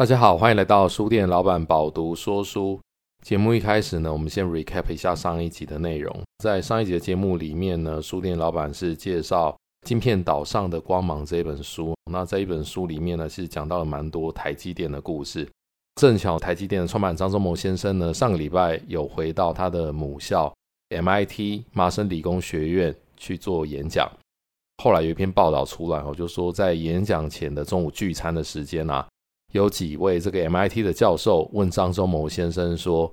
大家好，歡迎來到書店老闆飽讀說書。節目一開始呢，我們先 recap 一下上一集的內容。在上一集的節目裡面呢，書店老板是介紹《晶片島上的光芒》這一本書。那在這本書裡面呢，是講到了蠻多台積電的故事。正巧台積電的創辦張忠謀先生呢，上個禮拜有回到他的母校 MIT 麻省理工學院去做演講。後來有一篇報道出來，我就是說在演講前的中午聚餐的時間啊。有幾位這個 MIT 的教授問張忠謀先生說：“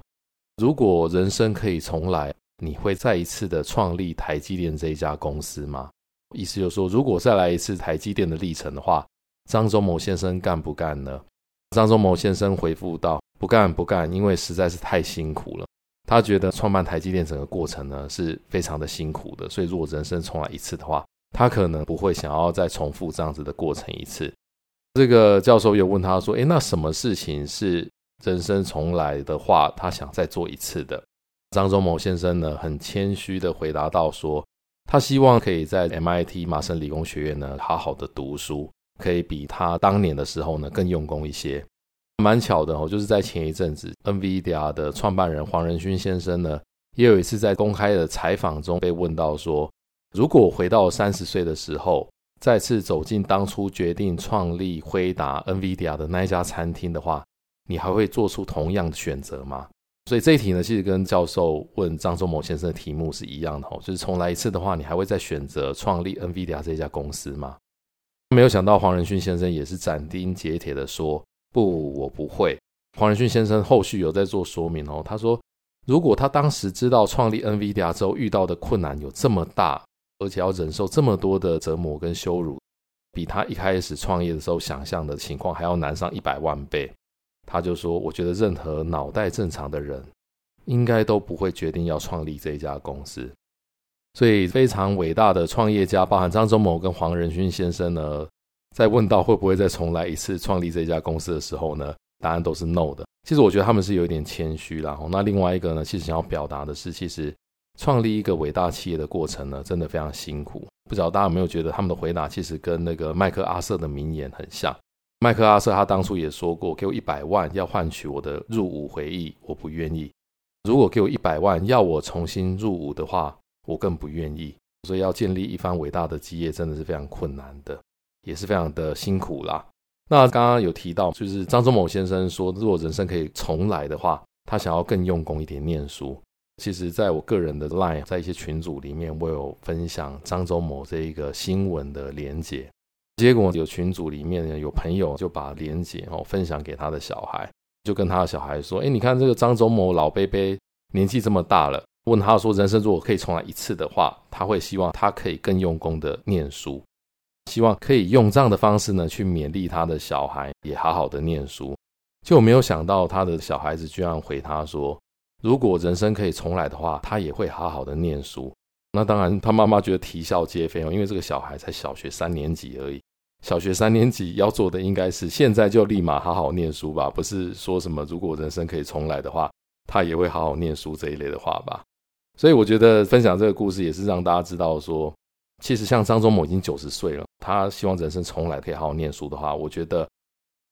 如果人生可以重來，你會再一次的創立台積電這一家公司嗎？”意思就是說，如果再來一次台積電的歷程的話，張忠謀先生幹不幹呢？張忠謀先生回覆道：“不幹不幹，因為實在是太辛苦了。他覺得創辦台積電整個過程呢是非常的辛苦的，所以如果人生重來一次的話，他可能不會想要再重複這樣子的過程一次。”這個教授又問他說：“誒，那什麼事情是人生重來的話，他想再做一次的？”張忠謀先生呢，很謙虛的回答道說：“他希望可以在 MIT 麻省理工學院呢，好好的讀書，可以比他當年的時候呢更用功一些。”蠻巧的，哦，就是在前一陣子 NVIDIA 的創辦人黃仁勳先生呢，也有一次在公開的採訪中被問到說：“如果回到三十歲的時候。”再次走進當初決定創立輝達 （NVIDIA） 的那一家餐廳的話，你還會做出同樣的選擇嗎？所以這一題呢，其實跟教授問張忠謀先生的題目是一樣的哦，就是重來一次的話，你還會再選擇創立 NVIDIA 這一家公司嗎？沒有想到黃仁勳先生也是斬釘截鐵地說：“不，我不會。”黃仁勳先生後續有在做說明哦，他說：“如果他當時知道創立 NVIDIA 之後遇到的困難有這麼大。”而且要忍受這麼多的折磨跟羞辱，比他一開始創業的時候想象的情況還要難上一百萬倍。他就說：“我覺得任何腦袋正常的人，應該都不會決定要創立這一家公司。”所以非常偉大的創業家，包含張忠謀跟黃仁勳先生呢，在問到會不會再重來一次創立這家公司的時候呢，答案都是 no 的。其實我覺得他們是有一點謙虛啦，然後那另外一個呢，其實想要表達的是，其實。創立一個偉大企業的過程呢，真的非常辛苦。不知道大家有沒有覺得他們的回答其實跟那個麥克阿瑟的名言很像？麥克阿瑟他當初也說過：“給我一百萬，要換取我的入伍回憶，我不願意；如果給我一百萬，要我重新入伍的話，我更不願意。”所以要建立一番偉大的基業，真的是非常困難的，也是非常的辛苦啦。那剛剛有提到，就是張忠謀先生說，如果人生可以重來的話，他想要更用功一點念書。其實，在我個人的 Line，在一些群組裡面，我有分享張忠謀這一個新聞的連結，結果有群組裡面呢，有朋友就把連結哦分享給他的小孩，就跟他的小孩說：“哎，你看這個張忠謀老伯伯年紀這麼大了，問他說，人生如果可以重來一次的話，他會希望他可以更用功的念書，希望可以用這樣的方式呢去勉勵他的小孩也好好的念書。”就我沒有想到他的小孩子居然回他說。如果人生可以重來的話，他也會好好的念書。那當然，他媽媽覺得啼笑皆非哦，因為這個小孩才小學三年級而已。小學三年級要做的應該是現在就立馬好好念書吧，不是說什麼如果人生可以重來的話，他也會好好念書這一類的話吧。所以我覺得分享這個故事也是讓大家知道說，其實像張忠謀已經九十歲了，他希望人生重來可以好好念書的話，我覺得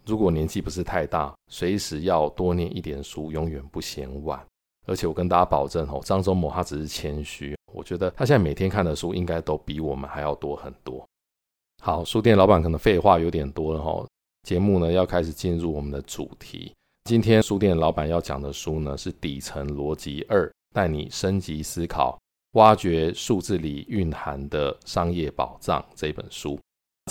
如果年紀不是太大，隨時要多念一點書，永遠不嫌晚。而且我跟大家保證哦，張忠謀他只是謙虛，我覺得他現在每天看的書應該都比我們還要多很多。好，書店老闆可能廢話有點多了哈，節目呢要開始進入我們的主題。今天書店老闆要講的書呢是《底層邏輯二》，帶你升級思考，挖掘數字裡蘊含的商業寶藏這本書。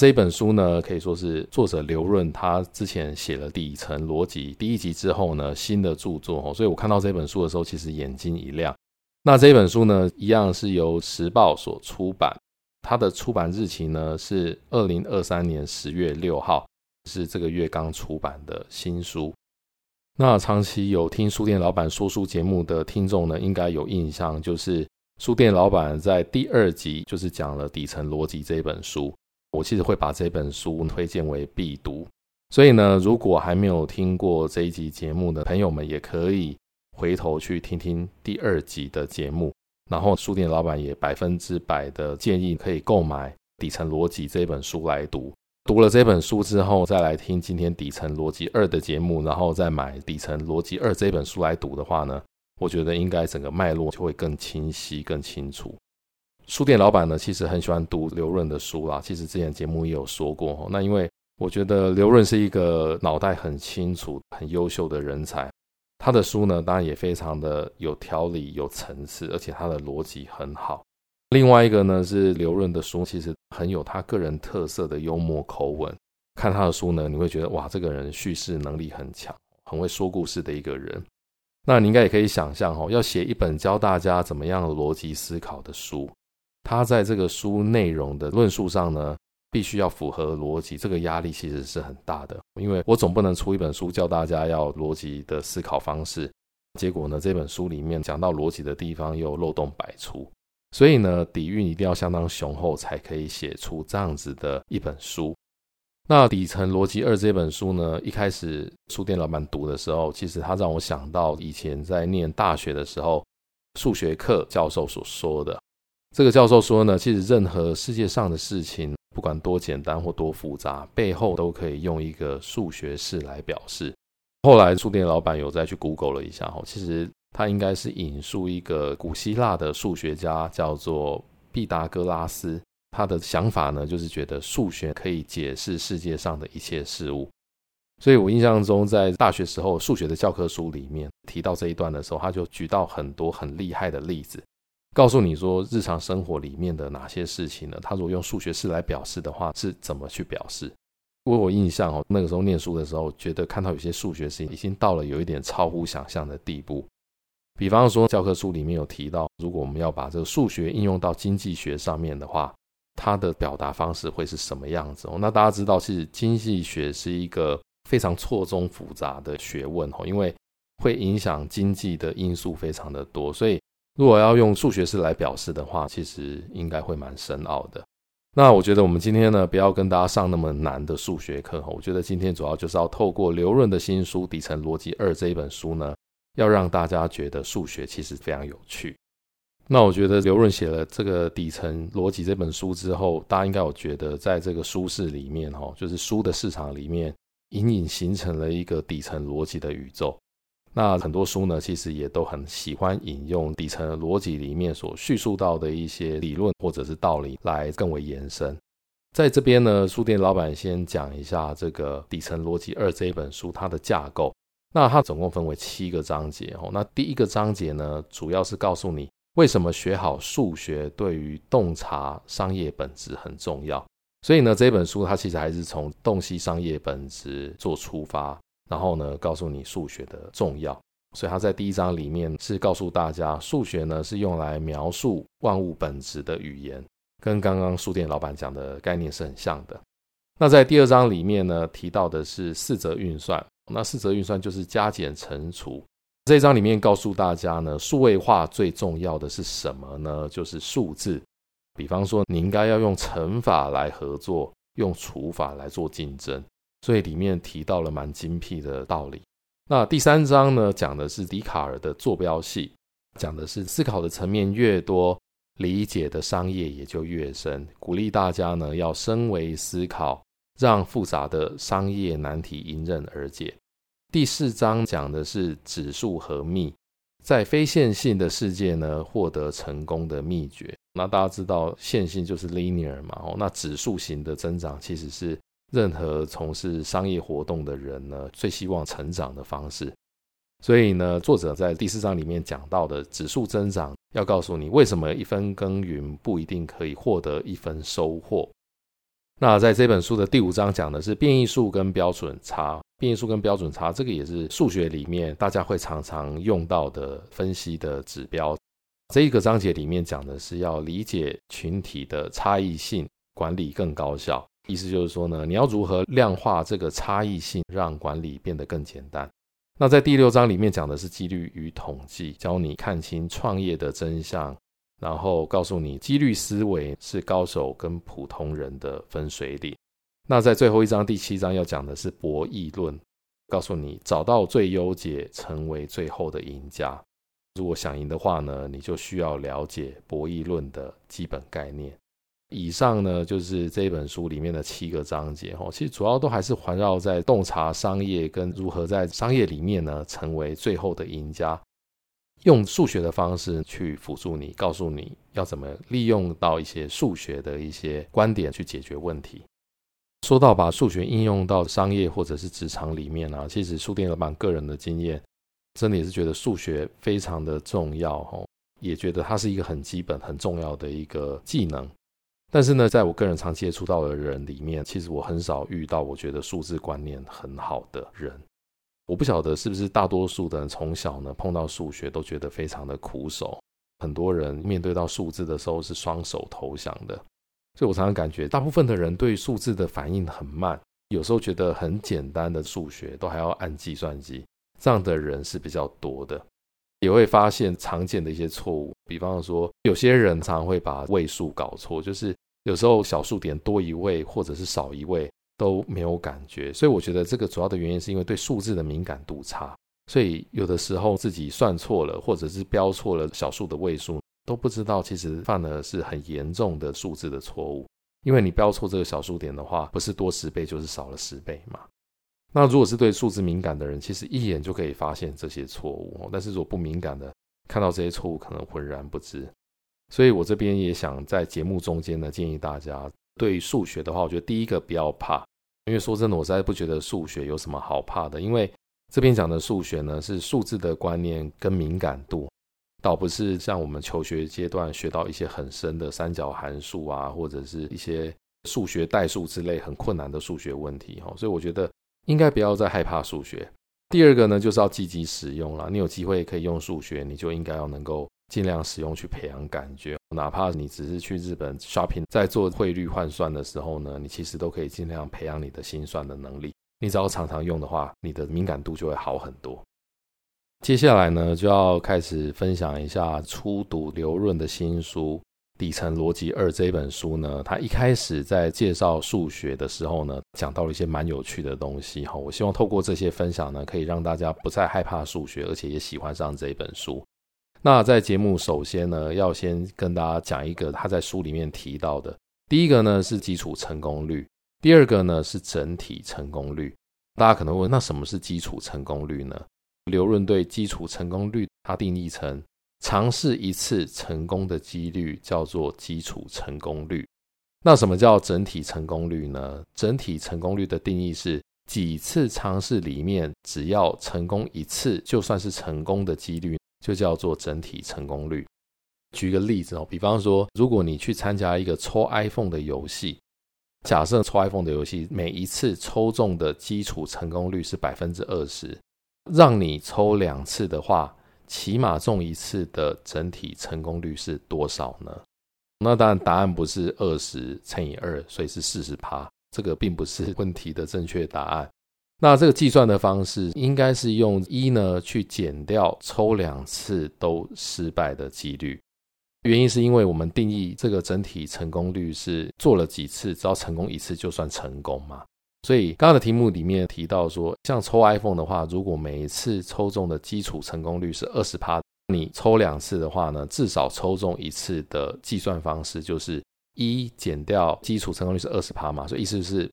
這本書呢，可以說是作者劉潤他之前寫了底層邏輯第一集之後呢，新的著作，所以我看到這本書的時候，其實眼睛一亮。那這本書呢，一樣是由時報所出版，它的出版日期呢是二零二三年十月六號，是這個月剛出版的新書。那長期有聽書店老闆說書節目的聽眾呢，應該有印象，就是書店老闆在第二集就是講了《底層邏輯》這本書。我其實會把這本書推薦為必讀，所以呢，如果還沒有聽過這一集節目的朋友們，也可以回頭去聽聽第二集的節目。然後書店老板也百分之百的建議可以購買《底層邏輯》這本書來讀。讀了這本書之後，再來聽今天《底層邏輯二》的節目，然後再買《底層邏輯二》這本書來讀的話呢，我覺得應該整個脈絡就會更清晰、更清楚。書店老板呢，其實很喜歡讀劉潤的書啦。其實之前節目也有說過，那因為我覺得劉潤是一個腦袋很清楚、很優秀的人才。他的書呢，當然也非常的有條理、有層次，而且他的邏輯很好。另外一個呢，是劉潤的書其實很有他個人特色的幽默口吻。看他的書呢，你會覺得哇，這個人敘事能力很強，很會說故事的一個人。那你應該也可以想象，要寫一本教大家怎麼樣的邏輯思考的書。他在這個書內容的論述上呢，必須要符合邏輯，這個壓力其實是很大的，因為我總不能出一本書教大家要邏輯的思考方式，結果呢，這本書裡面講到邏輯的地方又漏洞百出，所以呢，底蘊一定要相當雄厚才可以寫出這樣子的一本書。那底層邏輯二這本書呢，一開始書店老闆讀的時候，其實他讓我想到以前在念大學的時候，數學課教授所說的。這個教授說呢，其實任何世界上的事情，不管多簡單或多複雜，背後都可以用一個數學式來表示。後來書店老板有再去 Google 了一下，吼，其實他應該是引述一個古希臘的數學家，叫做畢達哥拉斯。他的想法呢，就是覺得數學可以解釋世界上的一切事物。所以我印象中，在大學時候數學的教科書裡面提到這一段的時候，他就舉到很多很厲害的例子。告訴你說日常生活裡面的哪些事情呢？他如果用數學式來表示的話，是怎麼去表示？我有印象哦，那個時候念書的時候，覺得看到有些數學式已經到了有一點超乎想象的地步。比方說，教科書裡面有提到，如果我們要把這個數學應用到經濟學上面的話，它的表達方式會是什麼樣子？那大家知道，其實經濟學是一個非常錯綜複雜的學問哦，因為會影響經濟的因素非常的多，所以。如果要用數學式來表示的話，其實應該會蠻深奧的。那我覺得我們今天呢，不要跟大家上那麼難的數學課哈。我覺得今天主要就是要透過劉潤的新書《底層邏輯二》這一本書呢，要讓大家覺得數學其實非常有趣。那我覺得劉潤寫了這個《底層邏輯》這本書之後，大家應該有覺得在這個書市裡面哈，就是書的市場裡面，隱隱形成了一個底層邏輯的宇宙。那很多書呢，其實也都很喜歡引用底層邏輯裡面所敘述到的一些理論或者是道理來更為延伸。在這邊呢，書店老板先講一下這個《底層邏輯二》這本書它的架構。那它總共分為七個章節哦。那第一個章節呢，主要是告訴你為什麼學好數學對於洞察商業本質很重要。所以呢，這本書它其實還是從洞悉商業本質做出發。然後呢，告訴你數學的重要。所以他在第一章裡面是告訴大家，數學呢是用來描述萬物本質的語言，跟剛剛書店老板講的概念是很像的。那在第二章裡面呢，提到的是四則運算。那四則運算就是加減乘除。這一章裡面告訴大家呢，數位化最重要的是什麼呢？就是數字。比方說，你應該要用乘法來合作，用除法來做競爭。所以裡面提到了蠻精闢的道理。那第三章呢，講的是笛卡爾的坐標系，講的是思考的層面越多，理解的商業也就越深，鼓勵大家呢要升維思考，讓複雜的商業難題迎刃而解。第四章講的是指數和冪，在非線性的世界呢，獲得成功的秘訣。那大家知道線性就是 linear 嘛，哦，那指數型的增長其實是。任何從事商業活動的人呢，最希望成長的方式。所以呢，作者在第四章裡面講到的指數增長，要告訴你為什麼一分耕耘不一定可以獲得一分收穫。那在這本書的第五章講的是變異數跟標準差。變異數跟標準差，這個也是數學裡面大家會常常用到的分析的指標。這一個章節裡面講的是要理解群體的差異性，管理更高效。意思就是說呢，你要如何量化這個差異性，讓管理變得更簡單。那在第六章裡面講的是幾率與統計，教你看清創業的真相，然後告訴你幾率思維是高手跟普通人的分水嶺。那在最後一章，第七章要講的是博弈論，告訴你找到最優解，成為最後的贏家。如果想贏的話呢，你就需要了解博弈論的基本概念。以上呢，就是這一本書裡面的七個章節哦。其實主要都還是環繞在洞察商業跟如何在商業裡面呢，成為最後的贏家。用數學的方式去輔助你，告訴你要怎麼利用到一些數學的一些觀點去解決問題。說到把數學應用到商業或者是職場裡面呢、啊，其實書店老闆個人的經驗，真的也是覺得數學非常的重要哦，也覺得它是一個很基本、很重要的一個技能。但是呢，在我個人常接觸到的人裡面，其實我很少遇到我覺得數字觀念很好的人。我不曉得是不是大多數的人從小呢，碰到數學都覺得非常的苦手，很多人面對到數字的時候是雙手投降的。所以我常常感覺大部分的人對數字的反應很慢，有時候覺得很簡單的數學都還要按計算機，這樣的人是比較多的。也會發現常見的一些錯誤，比方說有些人常常會把位數搞錯，就是。有時候小數點多一位或者是少一位都沒有感覺，所以我覺得這個主要的原因是因為對數字的敏感度差，所以有的時候自己算錯了或者是標錯了小數的位數都不知道，其實犯的是很嚴重的數字的錯誤。因為你標錯這個小數點的話，不是多十倍就是少了十倍嘛。那如果是對數字敏感的人，其實一眼就可以發現這些錯誤，但是如果不敏感的，看到這些錯誤可能渾然不知。所以，我這邊也想在節目中間呢，建議大家對數學的話，我覺得第一個不要怕，因為說真的，我實在不覺得數學有什麼好怕的。因為這邊講的數學呢，是數字的觀念跟敏感度，倒不是像我們求學階段學到一些很深的三角函數啊，或者是一些數學代數之類很困難的數學問題哦。所以我覺得應該不要再害怕數學。第二個呢，就是要積極使用啦，你有機會可以用數學，你就應該要能夠。盡量使用去培養感覺，哪怕你只是去日本 shopping，在做匯率換算的時候呢，你其實都可以盡量培養你的心算的能力。你只要常常用的話，你的敏感度就會好很多。接下來呢，就要開始分享一下初讀劉潤的新書《底層邏輯二》這本書呢，他一開始在介紹數學的時候呢，講到了一些蠻有趣的東西哈。我希望透過這些分享呢，可以讓大家不再害怕數學，而且也喜歡上這一本書。那在節目首先呢，要先跟大家講一個他在書裡面提到的，第一個呢是基礎成功率，第二個呢是整體成功率。大家可能會問，那什麼是基礎成功率呢？劉潤對基礎成功率他定義成嘗試一次成功的幾率叫做基礎成功率。那什麼叫整體成功率呢？整體成功率的定義是幾次嘗試裡面只要成功一次就算是成功的幾率呢，就叫做整體成功率。舉個例子哦，比方說，如果你去參加一個抽 iPhone 的遊戲，假設抽 iPhone 的遊戲每一次抽中的基礎成功率是百分之二十，讓你抽兩次的話，起碼中一次的整體成功率是多少呢？那當然答案不是二十乘以二，所以是四十趴，這個並不是問題的正確答案。那這個計算的方式應該是用一呢去減掉抽兩次都失敗的幾率，原因是因為我們定義這個整體成功率是做了幾次，只要成功一次就算成功嘛。所以剛剛的題目裡面提到說，像抽 iPhone 的話，如果每一次抽中的基礎成功率是二十趴，你抽兩次的話呢，至少抽中一次的計算方式就是一減掉基礎成功率是二十趴嘛，所以意思就是。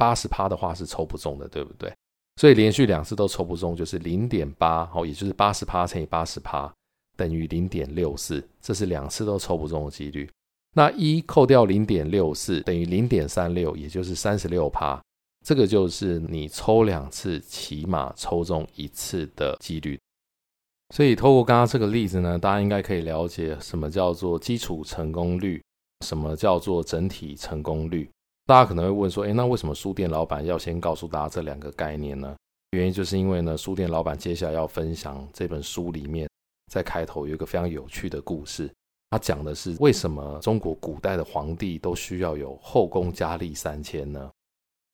八十趴的話是抽不中的，對不對？所以連續兩次都抽不中，就是零點八，哦，也就是八十趴乘以八十趴等於零點六四，這是兩次都抽不中的幾率。那一扣掉零點六四，等於零點三六，也就是三十六趴，這個就是你抽兩次起碼抽中一次的幾率。所以透過剛剛這個例子呢，大家應該可以了解什麼叫做基礎成功率，什麼叫做整體成功率。大家可能會問說，哎，那為什麼書店老板要先告訴大家這兩個概念呢？原因就是因為呢，書店老板接下來要分享這本書裡面，在開頭有一個非常有趣的故事，他講的是為什麼中國古代的皇帝都需要有後宮佳麗三千呢？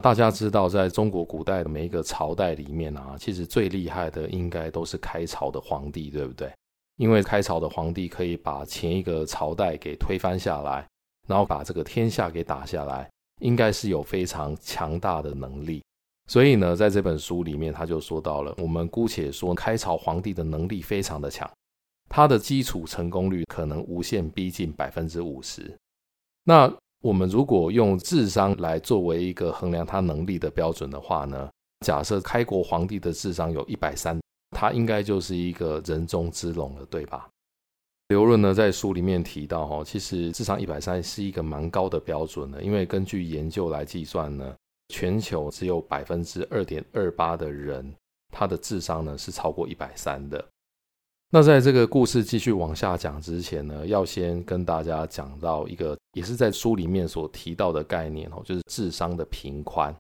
大家知道，在中國古代的每一個朝代裡面啊，其實最厲害的應該都是開朝的皇帝，對不對？因為開朝的皇帝可以把前一個朝代給推翻下來，然後把這個天下給打下來。應該是有非常強大的能力，所以呢，在這本書裡面，他就說到了，我們姑且說開朝皇帝的能力非常的強，他的基礎成功率可能無限逼近百分之五十。那我們如果用智商來作為一個衡量他能力的標準的話呢，假設開國皇帝的智商有一百三，他應該就是一個人中之龍了，對吧？劉潤呢在書裡面提到，哈，其實智商一百三是一個蠻高的標準的，因為根據研究來計算呢，全球只有百分之二點二八的人，他的智商呢是超過一百三的。那在這個故事繼續往下講之前呢，要先跟大家講到一個也是在書裡面所提到的概念哦，就是智商的頻寬。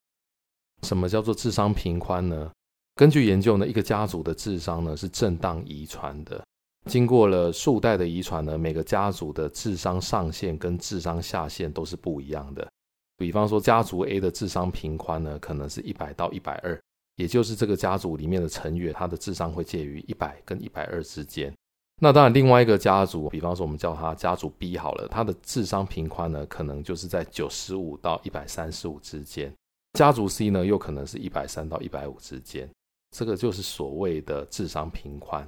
什麼叫做智商頻寬呢？根據研究呢，一個家族的智商呢是震盪遺傳的。經過了數代的遺傳呢，每個家族的智商上限跟智商下限都是不一樣的。比方說，家族 A 的智商頻寬呢，可能是一百到一百二，也就是這個家族裡面的成員，他的智商會介於一百跟一百二之間。那當然，另外一個家族，比方說我們叫他家族 B 好了，他的智商頻寬呢，可能就是在九十五到一百三十五之間。家族 C 呢，又可能是一百三到一百五之間。這個就是所謂的智商頻寬。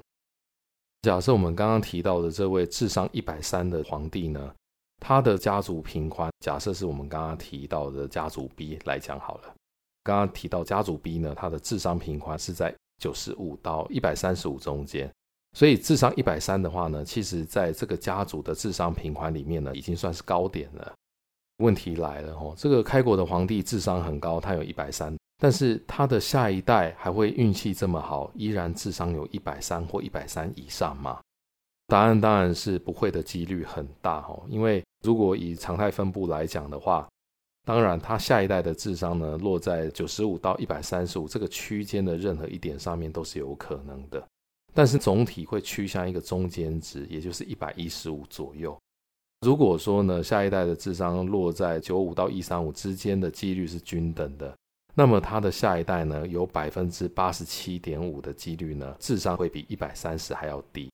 假設我們剛剛提到的這位智商一百三的皇帝呢，他的家族頻寬，假設是我們剛剛提到的家族 B 來講好了。剛剛提到家族 B 呢，他的智商頻寬是在九十五到一百三十五中間，所以智商一百三的話呢，其實在這個家族的智商頻寬裡面呢，已經算是高點了。問題來了哦，這個開國的皇帝智商很高，他有一百三。但是他的下一代還會運氣這麼好，依然智商有一百三或一百三以上嗎？答案當然是不會的，幾率很大哦，因為如果以常態分布來講的話，當然他下一代的智商呢，落在九十五到一百三十五這個區間的任何一點上面都是有可能的，但是總體會趨向一個中間值，也就是一百一十五左右。如果說呢，下一代的智商落在九五到一三五之間的幾率是均等的，那麼他的下一代呢，有百分之八十七點五的幾率呢，智商會比一百三十還要低。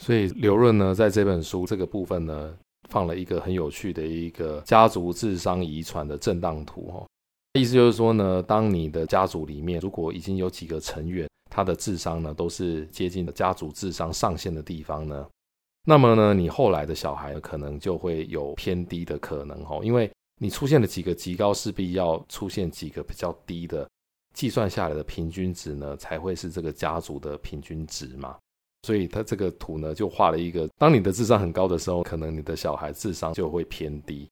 所以劉潤呢，在這本書這個部分呢，放了一個很有趣的一個家族智商遺傳的震盪圖哈、哦。意思就是說呢，當你的家族裡面如果已經有幾個成員他的智商呢，都是接近了家族智商上限的地方呢，那麼呢，你後來的小孩可能就會有偏低的可能哦，因為，你出現了幾個極高，勢必要出現幾個比較低的，計算下來的平均值呢，才會是這個家族的平均值嘛。所以它這個圖呢，就畫了一個：當你的智商很高的時候，可能你的小孩智商就會偏低。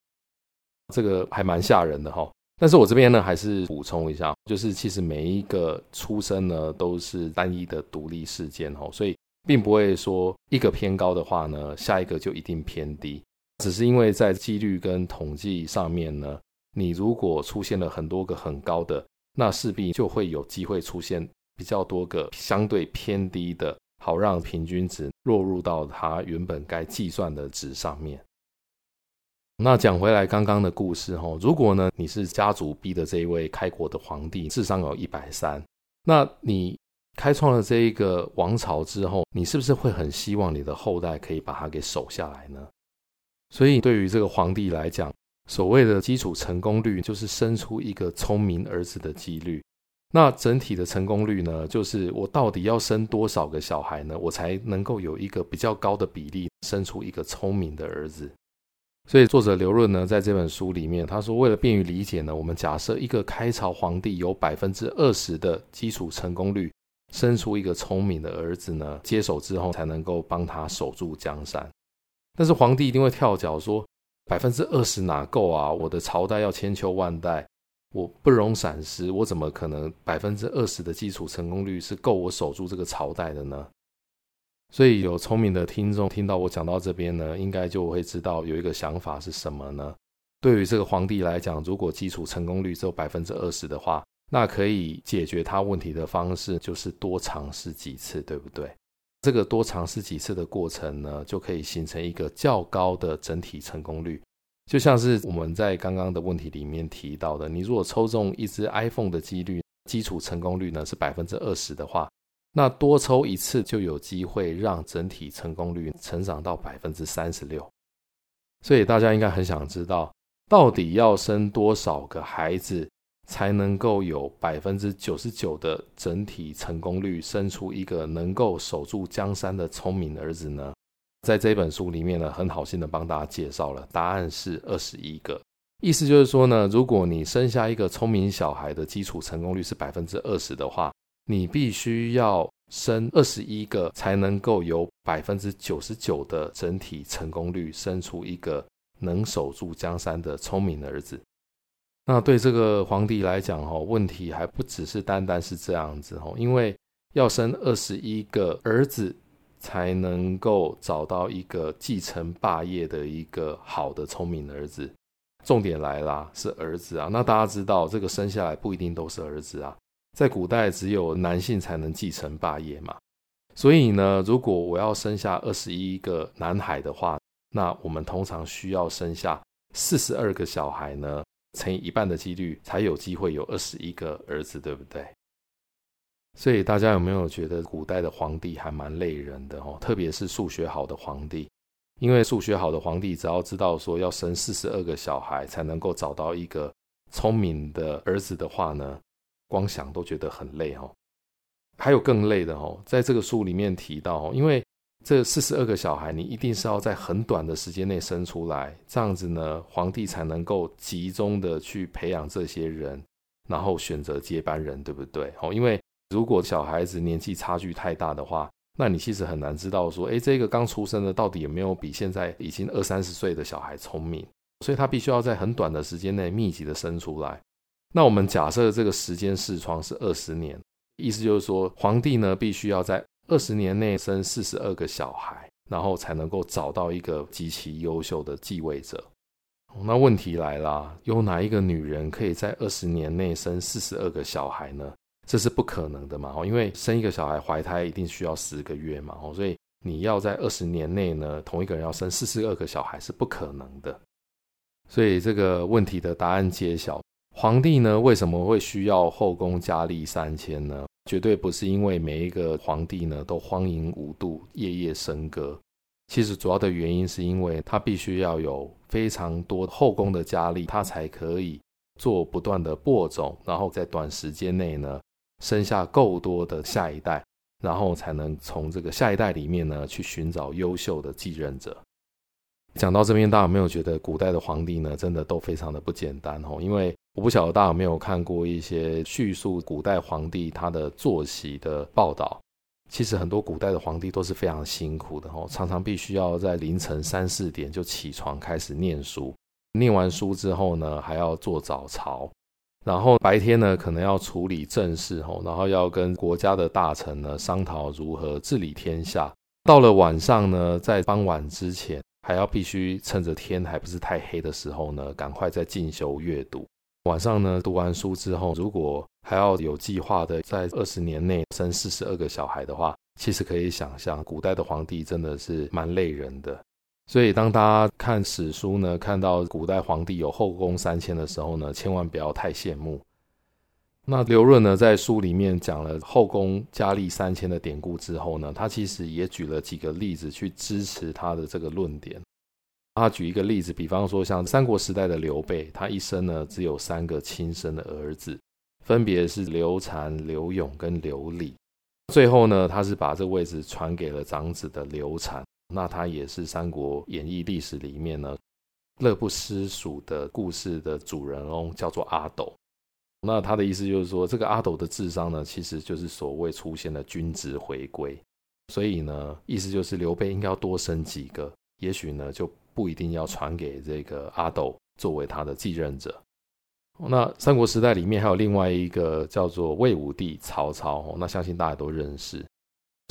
這個還蠻嚇人的哈。但是我這邊呢，還是補充一下，就是其實每一個出生呢，都是單一的獨立事件哈，所以並不會說一個偏高的話呢，下一個就一定偏低。只是因為在幾率跟統計上面呢，你如果出現了很多個很高的，那勢必就會有機會出現比較多個相對偏低的，好讓平均值落入到它原本該計算的值上面。那講回來剛剛的故事哈，如果呢你是家族 B 的這一位開國的皇帝，智商有一百三，那你開創了這一個王朝之後，你是不是會很希望你的後代可以把它給守下來呢？所以，對於這個皇帝來講，所謂的基礎成功率就是生出一個聰明兒子的幾率。那整體的成功率呢，就是我到底要生多少個小孩呢，我才能夠有一個比較高的比例生出一個聰明的兒子。所以，作者劉潤呢，在這本書裡面，他說，為了便於理解呢，我們假設一個開朝皇帝有百分之二十的基礎成功率，生出一個聰明的兒子呢，接手之後才能夠幫他守住江山。但是皇帝一定會跳腳說：“百分之二十哪夠啊！我的朝代要千秋萬代，我不容閃失，我怎麼可能百分之二十的基礎成功率是夠我守住這個朝代的呢？”所以有聰明的聽眾聽到我講到這邊呢，應該就會知道有一個想法是什麼呢？對於這個皇帝來講，如果基礎成功率只有百分之二十的話，那可以解決他問題的方式就是多嘗試幾次，對不對？這個多嘗試幾次的過程呢，就可以形成一個較高的整體成功率。就像是我們在剛剛的問題裡面提到的，你如果抽中一隻 iPhone 的幾率，基礎成功率呢是百分之二十的話，那多抽一次就有機會讓整體成功率成長到百分之三十六。所以大家應該很想知道，到底要生多少個孩子？才能夠有百分之九十九的整體成功率生出一個能夠守住江山的聰明兒子呢？在這本書裡面呢，很好心的幫大家介紹了，答案是二十一個。意思就是說呢，如果你生下一個聰明小孩的基礎成功率是百分之二十的話，你必須要生二十一個才能夠有百分之九十九的整體成功率生出一個能守住江山的聰明兒子。那對這個皇帝來講吼，問題還不只是單單是這樣子吼，因為要生二十一個兒子，才能夠找到一個繼承霸業的一個好的聰明的兒子。重點來啦，是兒子啊！那大家知道，這個生下來不一定都是兒子啊，在古代只有男性才能繼承霸業嘛。所以呢，如果我要生下二十一個男孩的話，那我們通常需要生下四十二個小孩呢。乘以一半的幾率才有機會有二十一個兒子，對不對？所以大家有沒有覺得古代的皇帝還蠻累人的哦？特別是數學好的皇帝，因為數學好的皇帝只要知道說要生四十二個小孩才能夠找到一個聰明的兒子的話呢，光想都覺得很累哦。還有更累的哦，在這個書裡面提到，因為。這四十二個小孩，你一定是要在很短的時間內生出來，這樣子呢，皇帝才能夠集中的去培養這些人，然後選擇接班人，對不對？哦，因為如果小孩子年紀差距太大的話，那你其實很難知道說，哎，這個剛出生的到底有沒有比現在已經二三十歲的小孩聰明？所以，他必須要在很短的時間內密集的生出來。那我們假設這個時間視窗是二十年，意思就是說，皇帝呢，必須要在。二十年內生四十二個小孩，然後才能夠找到一個極其優秀的繼位者。那問題來啦，有哪一個女人可以在二十年內生四十二個小孩呢？這是不可能的嘛？因為生一個小孩懷胎一定需要十個月嘛。所以你要在二十年內呢，同一個人要生四十二個小孩是不可能的。所以這個問題的答案揭曉：皇帝呢，為什麼會需要後宮佳麗三千呢？絕對不是因為每一個皇帝呢都荒淫無度、夜夜笙歌。其實主要的原因是因為他必須要有非常多後宮的佳麗，他才可以做不斷的播種，然後在短時間內呢生下夠多的下一代，然後才能從這個下一代裡面呢去尋找優秀的繼任者。講到這邊，大家有沒有覺得古代的皇帝呢真的都非常的不簡單哦？因為我不曉得大家有沒有看過一些敘述古代皇帝他的作息的報道。其實很多古代的皇帝都是非常辛苦的，哦，常常必須要在凌晨三四點就起床開始念書。念完書之後呢，還要做早朝，然後白天呢可能要處理政事，然後要跟國家的大臣呢商討如何治理天下。到了晚上呢，在傍晚之前還要必須趁着天還不是太黑的時候呢，趕快再進修閱讀。晚上呢，讀完書之後，如果還要有計劃的在二十年內生四十二個小孩的話，其實可以想象，古代的皇帝真的是蠻累人的。所以，當他看史書呢，看到古代皇帝有後宮三千的時候呢，千萬不要太羨慕。那劉潤呢，在書裡面講了後宮佳麗三千的典故之後呢，他其實也舉了幾個例子去支持他的這個論點。他、啊、舉一個例子，比方說像三國時代的劉備，他一生呢只有三個親生的兒子，分別是劉禪、劉永跟劉理。最後呢，他是把這位置傳給了長子的劉禪。那他也是《三國演義》歷史裡面呢樂不思蜀的故事的主人翁，哦，叫做阿斗。那他的意思就是說，這個阿斗的智商呢，其實就是所謂出現了均值回歸。所以呢，意思就是劉備應該要多生幾個，也許呢就。不一定要傳給這個阿斗作為他的繼任者。那三國時代裡面還有另外一個叫做魏武帝曹操，那相信大家都認識，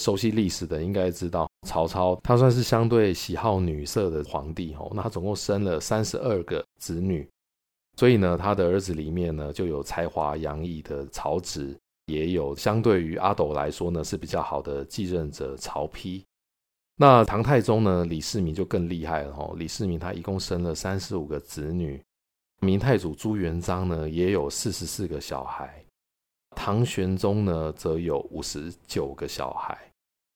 熟悉歷史的應該知道曹操他算是相對喜好女色的皇帝。那他總共生了三十二個子女，所以呢他的兒子裡面呢就有才華洋溢的曹植，也有相對於阿斗來說呢是比較好的繼任者曹丕。那唐太宗呢？李世民就更厲害了哈、哦。李世民他一共生了三十五個子女，明太祖朱元璋呢也有四十四個小孩，唐玄宗呢則有五十九個小孩。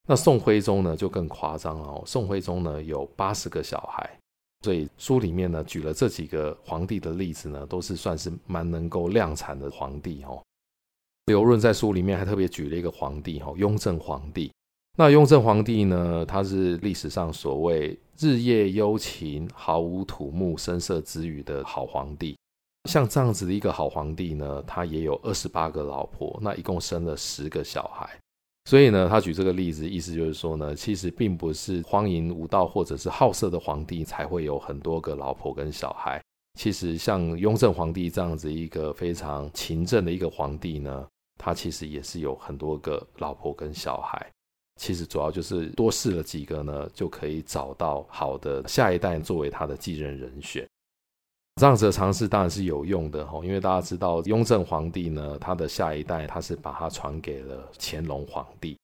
那宋徽宗呢就更誇張了、哦，宋徽宗呢有八十個小孩。所以書裡面呢舉了這幾個皇帝的例子呢，都是算是蠻能夠量產的皇帝哦。劉潤在書裡面還特別舉了一個皇帝哈、哦，雍正皇帝。那雍正皇帝呢，他是歷史上所謂日夜憂勤、毫無土木聲色之娛的好皇帝。像這樣子的一個好皇帝呢，他也有二十八個老婆，那一共生了十個小孩。所以呢，他舉這個例子，意思就是說呢，其實並不是荒淫無道或者是好色的皇帝才會有很多個老婆跟小孩。其實像雍正皇帝這樣子一個非常勤政的一個皇帝呢，他其實也是有很多個老婆跟小孩。其實主要就是多試了幾個呢，就可以找到好的下一代作為他的繼任人選。這樣子的嘗試當然是有用的哈，因為大家知道雍正皇帝呢，他的下一代他是把他傳給了乾隆皇帝。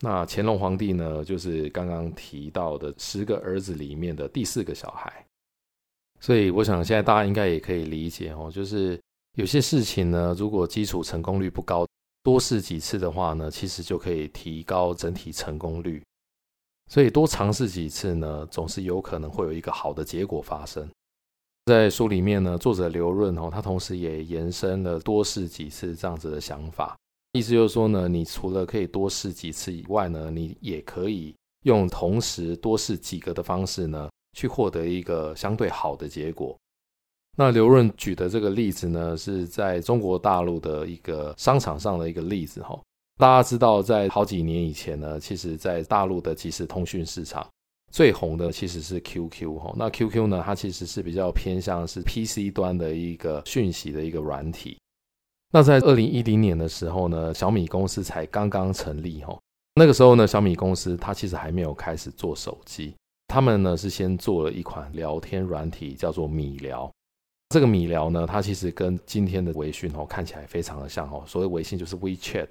那乾隆皇帝呢，就是剛剛提到的十個兒子裡面的第四個小孩。所以我想現在大家應該也可以理解哦，就是有些事情呢，如果基礎成功率不高。多試幾次的話呢，其實就可以提高整體成功率。所以多嘗試幾次呢，總是有可能會有一個好的結果發生。在書裡面呢，作者劉潤哦，他同時也延伸了多試幾次這樣子的想法，意思就是說呢，你除了可以多試幾次以外呢，你也可以用同時多試幾個的方式呢，去獲得一個相對好的結果。那劉潤舉的這個例子呢，是在中國大陸的一個商場上的一個例子哈。大家知道，在好幾年以前呢，其實，在大陸的即時通訊市場最紅的其實是 QQ 哈。那 QQ 呢，它其實是比較偏向是 PC 端的一個訊息的一個軟體。那在二零一零年的時候呢，小米公司才剛剛成立哈。那個時候呢，小米公司它其實還沒有開始做手機，他們呢是先做了一款聊天軟體，叫做米聊。這個米聊呢，它其實跟今天的微信哦看起來非常的像哦。所謂微信就是 WeChat，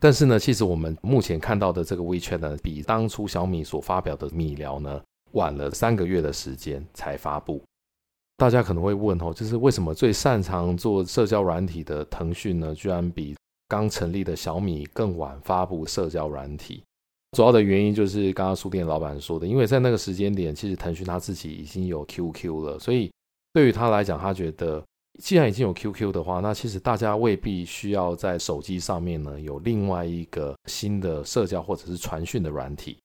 但是呢，其實我們目前看到的這個 WeChat 呢，比當初小米所發表的米聊呢晚了三個月的時間才發佈。大家可能會問哦，就是為什麼最擅長做社交軟體的騰訊呢，居然比剛成立的小米更晚發佈社交軟體？主要的原因就是剛剛書店老板說的，因為在那個時間點，其實騰訊他自己已經有 QQ 了，所以。對於他來講，他覺得既然已經有 QQ 的話，那其實大家未必需要在手機上面呢有另外一個新的社交或者是傳訊的軟體。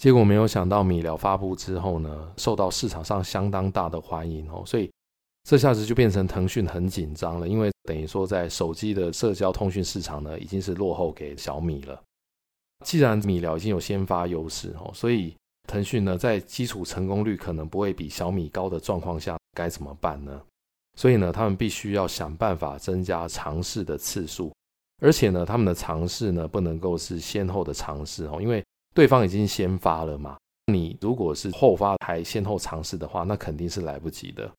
結果沒有想到米聊發布之後呢，受到市場上相當大的歡迎哦，所以這下子就變成騰訊很緊張了，因為等於說在手機的社交通訊市場呢，已經是落後給小米了。既然米聊已經有先發優勢哦，所以。騰訊呢，在基礎成功率可能不會比小米高的狀況下，該怎麼辦呢？所以呢，他們必須要想辦法增加嘗試的次數，而且呢，他們的嘗試呢，不能夠是先後的嘗試哦，因為對方已經先發了嘛。你如果是後發還先後嘗試的話，那肯定是來不及的。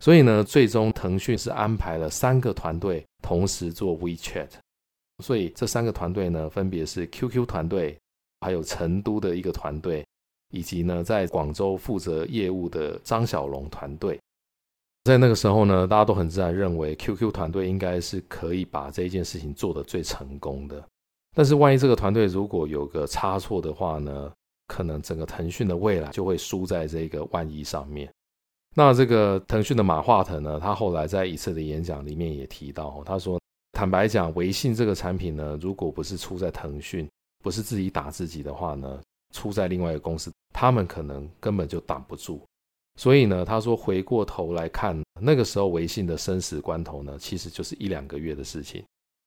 所以呢，最終騰訊是安排了三個團隊同時做 WeChat，所以這三個團隊呢，分別是 QQ 團隊，還有成都的一個團隊。以及呢，在廣州負責業務的張小龍團隊，在那個時候呢，大家都很自然認為 QQ 團隊應該是可以把這件事情做得最成功的。但是萬一這個團隊如果有個差錯的話呢，可能整個騰訊的未來就會輸在這個萬一上面。那這個騰訊的馬化騰呢，他後來在一次的演講裡面也提到，他說：“坦白講，微信這個產品呢，如果不是出在騰訊，不是自己打自己的話呢。”出在另外一個公司，他們可能根本就擋不住。所以呢，他說回過頭來看，那個時候微信的生死關頭呢，其實就是一兩個月的事情。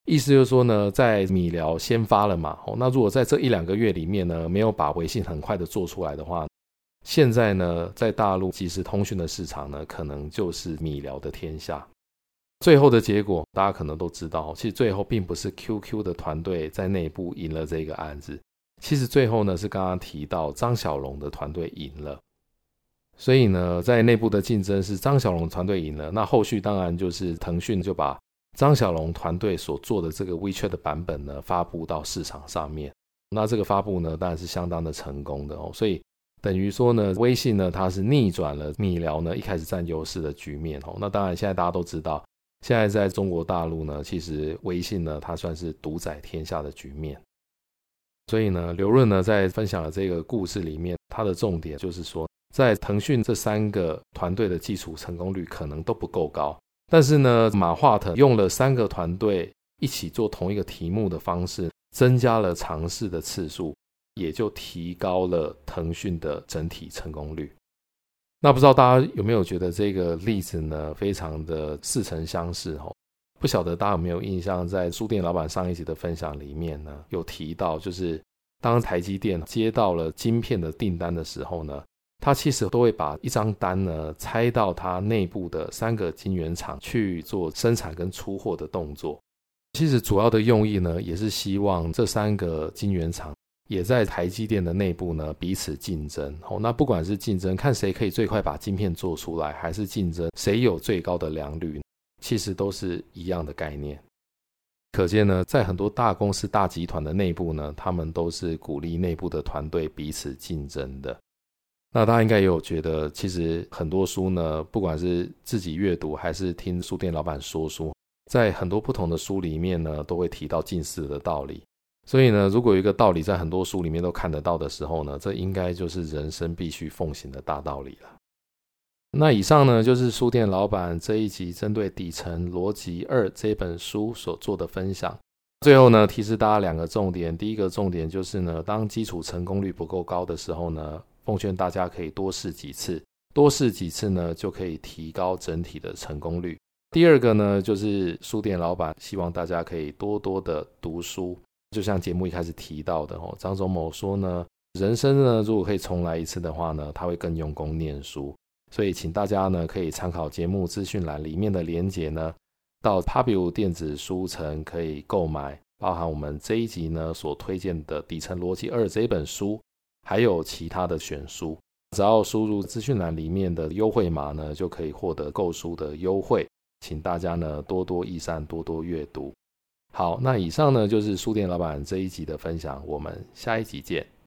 意思就是說呢，在米聊先發了嘛，哦，那如果在這一兩個月裡面呢，沒有把微信很快的做出來的話，現在呢，在大陸即時通訊的市場呢，可能就是米聊的天下。最後的結果，大家可能都知道，其實最後並不是 QQ 的團隊在內部贏了這個案子。其實最後呢，是剛剛提到張小龍的團隊贏了，所以呢，在內部的競爭是張小龍團隊贏了。那後續當然就是騰訊就把張小龍團隊所做的這個 WeChat 的版本呢發布到市場上面。那這個發布呢，當然是相當的成功的哦。所以等於說呢，微信呢，它是逆轉了米聊呢一開始佔優勢的局面哦。那當然現在大家都知道，現在在中國大陸呢，其實微信呢，它算是獨宰天下的局面。所以呢，劉潤呢在分享的這個故事裡面，他的重點就是說，在騰訊這三個團隊的基礎成功率可能都不夠高，但是呢，馬化騰用了三個團隊一起做同一個題目的方式，增加了嘗試的次數，也就提高了騰訊的整體成功率。那不知道大家有沒有覺得這個例子呢，非常的似曾相識哦？不曉得大家有沒有印象，在書店老板上一集的分享裡面呢，有提到，就是當台積電接到了晶片的訂單的時候呢，他其實都會把一張單呢拆到他內部的三個晶圓廠去做生產跟出貨的動作。其實主要的用意呢，也是希望這三個晶圓廠也在台積電的內部呢彼此競爭。哦，那不管是競爭看誰可以最快把晶片做出來，還是競爭誰有最高的良率。其實都是一樣的概念，可見呢，在很多大公司、大集團的內部呢，他們都是鼓勵內部的團隊彼此競爭的。那大家應該也有覺得，其實很多書呢，不管是自己閱讀還是聽書店老闆說書，在很多不同的書裡面呢，都會提到近似的道理。所以呢，如果有一個道理在很多書裡面都看得到的時候呢，這應該就是人生必須奉行的大道理了。那以上呢，就是書店老板這一集針對《底層邏輯二》這本書所做的分享。最後呢，提示大家兩個重點：第一個重點就是呢，當基礎成功率不夠高的時候呢，奉勸大家可以多試幾次，多試幾次呢，就可以提高整體的成功率。第二個呢，就是書店老板希望大家可以多多的讀書，就像節目一開始提到的哦，張忠謀說呢，人生呢，如果可以重來一次的話呢，他會更用功念書。所以，請大家呢，可以參考節目資訊欄裡面的鏈接呢，到 Pubu 電子書城可以購買，包含我們這一集呢所推薦的《底層邏輯二》這本書，還有其他的選書，只要輸入資訊欄裡面的優惠碼呢，就可以獲得購書的優惠。請大家呢多多益善，多多閱讀。好，那以上呢，就是書店老闆這一集的分享，我們下一集見。